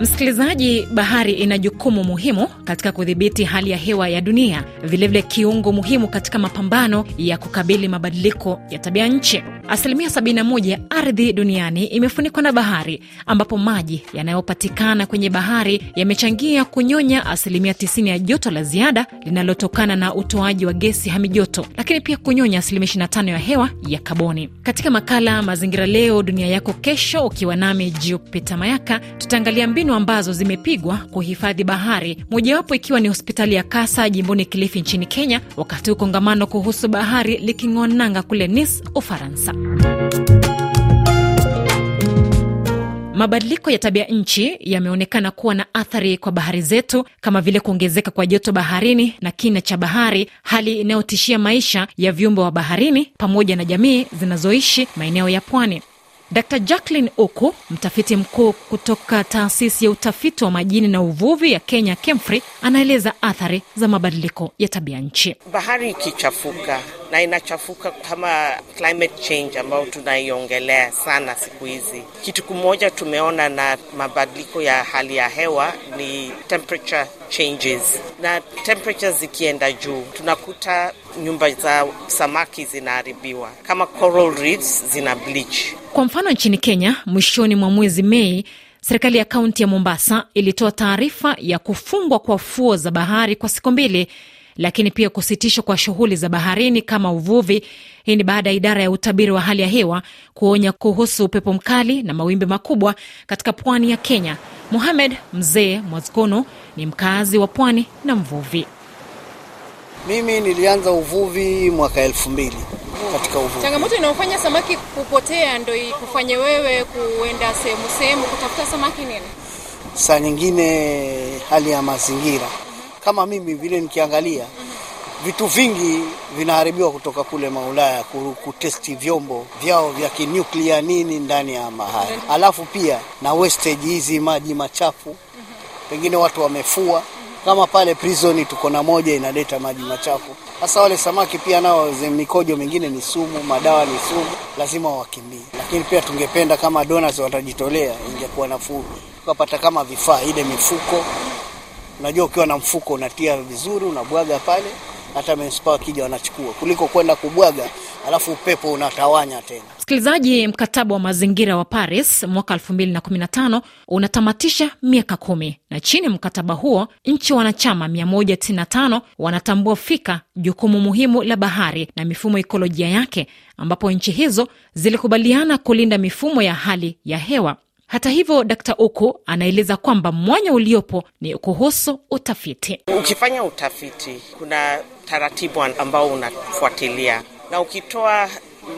Msikilizaji, bahari ina jukumu muhimu katika kudhibiti hali ya hewa ya dunia, vilevile kiungo muhimu katika mapambano ya kukabili mabadiliko ya tabia nchi. Asilimia 71 ya ardhi duniani imefunikwa na bahari, ambapo maji yanayopatikana kwenye bahari yamechangia kunyonya asilimia 90 ya joto la ziada linalotokana na utoaji wa gesi hamijoto, lakini pia kunyonya asilimia 25 ya hewa ya kaboni. Katika makala Mazingira Leo Dunia Yako Kesho, ukiwa nami Jupita Mayaka, tutaangalia mbinu ambazo zimepigwa kuhifadhi bahari, mojawapo ikiwa ni hospitali ya Kasa jimboni Kilifi nchini Kenya, wakati huu kongamano kuhusu bahari liking'onanga kule Nice, Ufaransa. Mabadiliko ya tabia nchi yameonekana kuwa na athari kwa bahari zetu kama vile kuongezeka kwa joto baharini na kina cha bahari, hali inayotishia maisha ya viumbe wa baharini pamoja na jamii zinazoishi maeneo ya pwani dr jacklin Oku, mtafiti mkuu kutoka taasisi ya utafiti wa majini na uvuvi ya Kenya, KEMFRI, anaeleza athari za mabadiliko ya tabia nchi. Bahari ikichafuka na inachafuka kama climate change ambayo tunaiongelea sana siku hizi. Kitu kimoja tumeona na mabadiliko ya hali ya hewa ni temperature changes na temperature zikienda juu, tunakuta nyumba za samaki zinaharibiwa kama coral reefs zina bleach. Kwa mfano nchini Kenya, mwishoni mwa mwezi Mei, serikali ya kaunti ya Mombasa ilitoa taarifa ya kufungwa kwa fuo za bahari kwa siku mbili lakini pia kusitishwa kwa shughuli za baharini kama uvuvi. Hii ni baada ya idara ya utabiri wa hali ya hewa kuonya kuhusu upepo mkali na mawimbi makubwa katika pwani ya Kenya. muhamed Mzee Mwazgono ni mkazi wa pwani na mvuvi. Mimi nilianza uvuvi mwaka elfu mbili katika uvuvi. Changamoto inayofanya samaki kupotea ndo ikufanye wewe kuenda sehemu sehemu kutafuta samaki nini? Saa nyingine hali ya mazingira kama mimi vile nikiangalia vitu vingi vinaharibiwa kutoka kule Maulaya kutesti vyombo vyao vya kinuklia nini ndani ya mahali, alafu pia na westage hizi maji machafu, pengine watu wamefua kama pale prisoni tuko na moja inaleta maji machafu. hasa wale samaki pia nao mikojo mingine ni sumu, madawa ni sumu, lazima wakimbie. Lakini pia tungependa kama donors watajitolea, ingekuwa nafuu tukapata kama vifaa ile mifuko Unajua, ukiwa na mfuko unatia vizuri, unabwaga pale, hata manispaa wakija wanachukua, kuliko kwenda kubwaga alafu upepo unatawanya tena. Msikilizaji, mkataba wa mazingira wa Paris mwaka 2015 unatamatisha miaka kumi, na chini ya mkataba huo nchi wanachama 195 wanatambua fika jukumu muhimu la bahari na mifumo ikolojia yake, ambapo nchi hizo zilikubaliana kulinda mifumo ya hali ya hewa hata hivyo, Dkt. Oko anaeleza kwamba mwanya uliopo ni kuhusu utafiti. Ukifanya utafiti, kuna taratibu ambao unafuatilia, na ukitoa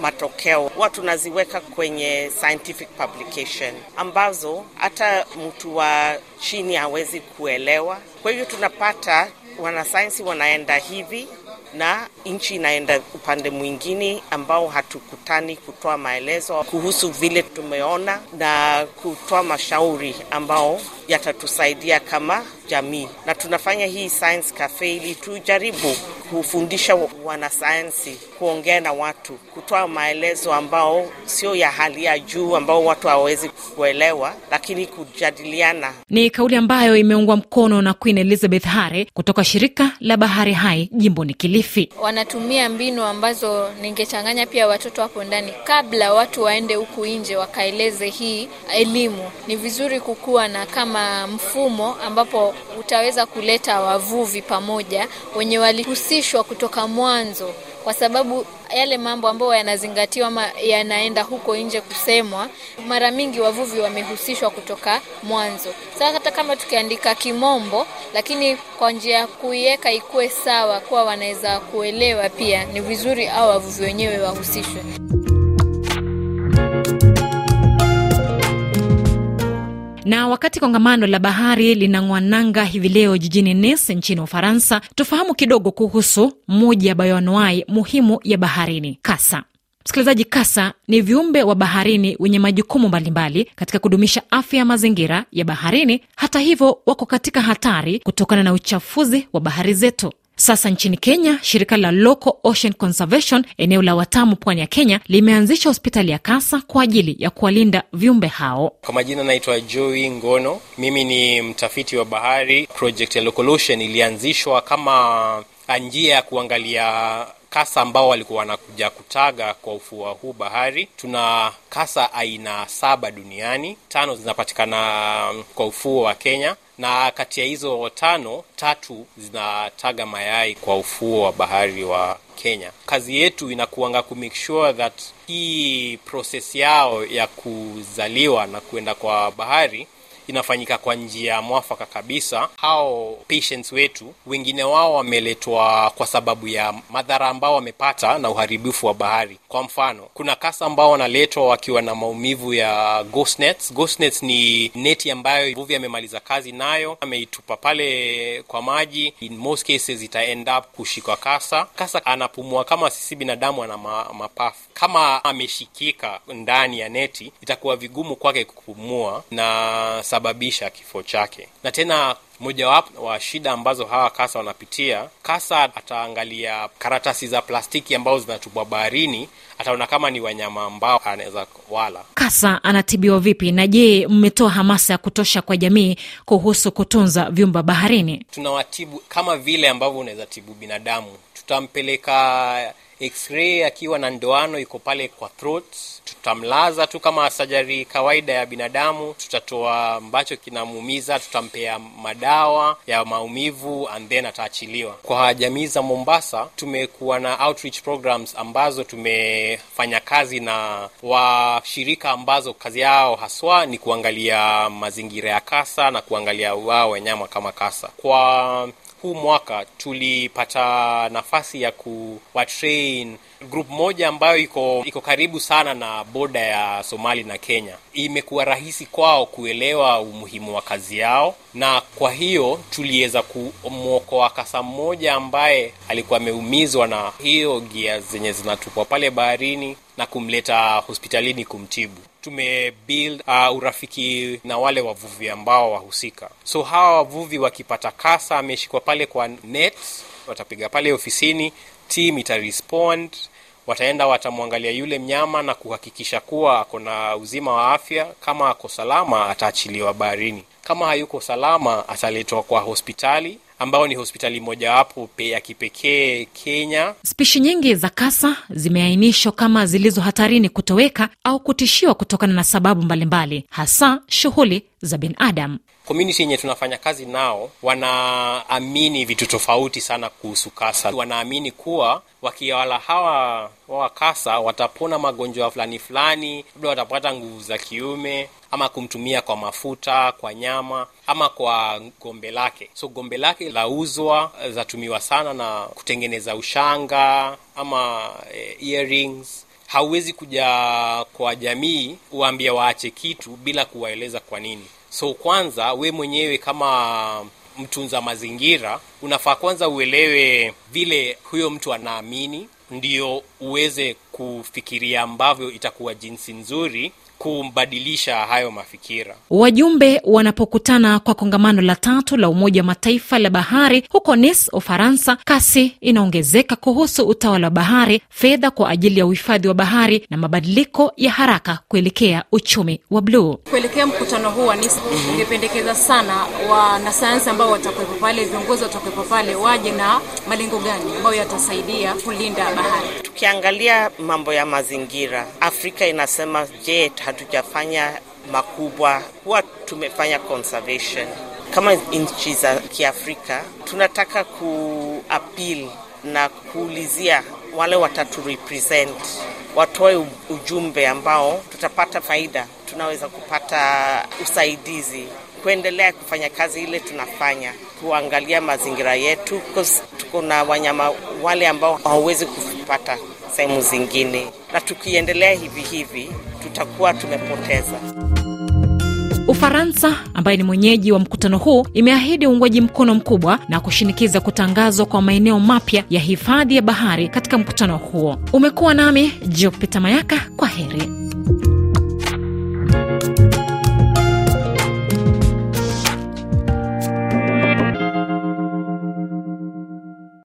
matokeo huwa tunaziweka kwenye scientific publication ambazo hata mtu wa chini hawezi kuelewa. Kwa hivyo tunapata wanasayansi wanaenda hivi na nchi inaenda upande mwingine ambao hatukutani kutoa maelezo kuhusu vile tumeona na kutoa mashauri ambao yatatusaidia kama jamii, na tunafanya hii science cafe ili tujaribu kufundisha wanasayansi, kuongea na watu, kutoa maelezo ambao sio ya hali ya juu, ambao watu hawawezi kuelewa, lakini kujadiliana. Ni kauli ambayo imeungwa mkono na Queen Elizabeth Hare kutoka shirika la Bahari Hai jimbo ni Kilifi. Wanatumia mbinu ambazo ningechanganya pia watoto hapo ndani, kabla watu waende huku nje wakaeleze hii elimu. Ni vizuri kukuwa na kama kama mfumo ambapo utaweza kuleta wavuvi pamoja wenye walihusishwa kutoka mwanzo, kwa sababu yale mambo ambayo yanazingatiwa ama yanaenda huko nje kusemwa, mara mingi wavuvi wamehusishwa kutoka mwanzo. Sasa hata kama tukiandika Kimombo, lakini kwa njia ya kuiweka ikuwe sawa, kuwa wanaweza kuelewa, pia ni vizuri au wavuvi wenyewe wahusishwe. Na wakati kongamano la bahari linang'wananga hivi leo jijini Nice nchini Ufaransa, tufahamu kidogo kuhusu moja ya bayoanuai muhimu ya baharini, kasa. Msikilizaji, kasa ni viumbe wa baharini wenye majukumu mbalimbali katika kudumisha afya ya mazingira ya baharini. Hata hivyo, wako katika hatari kutokana na uchafuzi wa bahari zetu. Sasa nchini Kenya, shirika la Local Ocean Conservation eneo la Watamu, pwani ya Kenya, limeanzisha hospitali ya kasa kwa ajili ya kuwalinda viumbe hao. Kwa majina naitwa joi Ngono, mimi ni mtafiti wa bahari. Project ya Local Ocean ilianzishwa kama njia ya kuangalia kasa ambao walikuwa wanakuja kutaga kwa ufua huu bahari. Tuna kasa aina saba duniani, tano zinapatikana kwa ufuo wa Kenya na kati ya hizo tano, tatu zinataga mayai kwa ufuo wa bahari wa Kenya. Kazi yetu inakuanga ku make sure that hii proses yao ya kuzaliwa na kuenda kwa bahari inafanyika kwa njia ya mwafaka kabisa. Hao patients wetu wengine wao wameletwa kwa sababu ya madhara ambao wamepata na uharibifu wa bahari. Kwa mfano, kuna kasa ambao wanaletwa wakiwa na maumivu ya ghost nets. Ghost nets ni neti ambayo mvuvi amemaliza kazi nayo, ameitupa pale kwa maji. In most cases ita end up kushikwa kasa. Kasa anapumua kama sisi binadamu, ana mapafu. Kama ameshikika ndani ya neti, itakuwa vigumu kwake kupumua na kusababisha kifo chake. Na tena mojawapo wa shida ambazo hawa kasa wanapitia, kasa ataangalia karatasi za plastiki ambazo zinatubwa baharini, ataona kama ni wanyama ambao anaweza wala. Kasa anatibiwa vipi? Na je, mmetoa hamasa ya kutosha kwa jamii kuhusu kutunza vyumba baharini? Tunawatibu kama vile ambavyo unaweza tibu binadamu, tutampeleka X-ray akiwa na ndoano iko pale kwa throat. Tutamlaza tu kama sajari kawaida ya binadamu, tutatoa ambacho kinamuumiza, tutampea madawa ya maumivu and then ataachiliwa. Kwa jamii za Mombasa tumekuwa na outreach programs ambazo tumefanya kazi na washirika ambazo kazi yao haswa ni kuangalia mazingira ya kasa na kuangalia wao wanyama kama kasa kwa huu mwaka tulipata nafasi ya kuwatrain grup moja ambayo iko iko karibu sana na boda ya Somali na Kenya. Imekuwa rahisi kwao kuelewa umuhimu wa kazi yao, na kwa hiyo tuliweza kumwokoa kasa mmoja ambaye alikuwa ameumizwa na hiyo gia zenye zinatupwa pale baharini na kumleta hospitalini kumtibu tumebuild uh, urafiki na wale wavuvi ambao wahusika. So hawa wavuvi wakipata kasa ameshikwa pale kwa net, watapiga pale ofisini, team itarespond wataenda watamwangalia yule mnyama na kuhakikisha kuwa ako na uzima wa afya. Kama ako salama, ataachiliwa baharini. Kama hayuko salama, ataletwa kwa hospitali ambayo ni hospitali mojawapo ya kipekee Kenya. Spishi nyingi za kasa zimeainishwa kama zilizo hatarini kutoweka au kutishiwa kutokana na sababu mbalimbali mbali, hasa shughuli za binadamu community yenye tunafanya kazi nao wanaamini vitu tofauti sana kuhusu kasa. Wanaamini kuwa wakiwala hawa kasa watapona magonjwa fulani fulani, labda watapata nguvu za kiume ama kumtumia kwa mafuta, kwa nyama ama kwa gombe lake. So gombe lake lauzwa, eh, zatumiwa sana na kutengeneza ushanga ama eh, earrings. Hauwezi kuja kwa jamii uambie waache kitu bila kuwaeleza kwa nini. So kwanza we mwenyewe kama mtunza mazingira unafaa kwanza uelewe vile huyo mtu anaamini, ndio uweze kufikiria ambavyo itakuwa jinsi nzuri kubadilisha hayo mafikira. Wajumbe wanapokutana kwa kongamano la tatu la Umoja wa Mataifa la bahari huko Nice, Ufaransa, kasi inaongezeka kuhusu utawala wa bahari, fedha kwa ajili ya uhifadhi wa bahari na mabadiliko ya haraka kuelekea uchumi wa bluu. Kuelekea mkutano huu wa Nice, mhm. ungependekeza mm -hmm. sana wanasayansi ambao watakuwepo pale, viongozi watakuwepo pale, waje na malengo gani ambayo yatasaidia kulinda bahari. Tukiangalia mambo ya mazingira, Afrika inasema je, hatujafanya makubwa, huwa tumefanya conservation. Kama nchi za Kiafrika tunataka kuapil na kuulizia wale wataturepresent watoe ujumbe ambao tutapata faida, tunaweza kupata usaidizi kuendelea kufanya kazi ile tunafanya, kuangalia mazingira yetu, tuko na wanyama wale ambao hawawezi kupata sehemu zingine, na tukiendelea hivi hivi tutakuwa tumepoteza. Ufaransa ambaye ni mwenyeji wa mkutano huu imeahidi uungwaji mkono mkubwa na kushinikiza kutangazwa kwa maeneo mapya ya hifadhi ya bahari katika mkutano huo. Umekuwa nami Jupita Mayaka, kwa heri.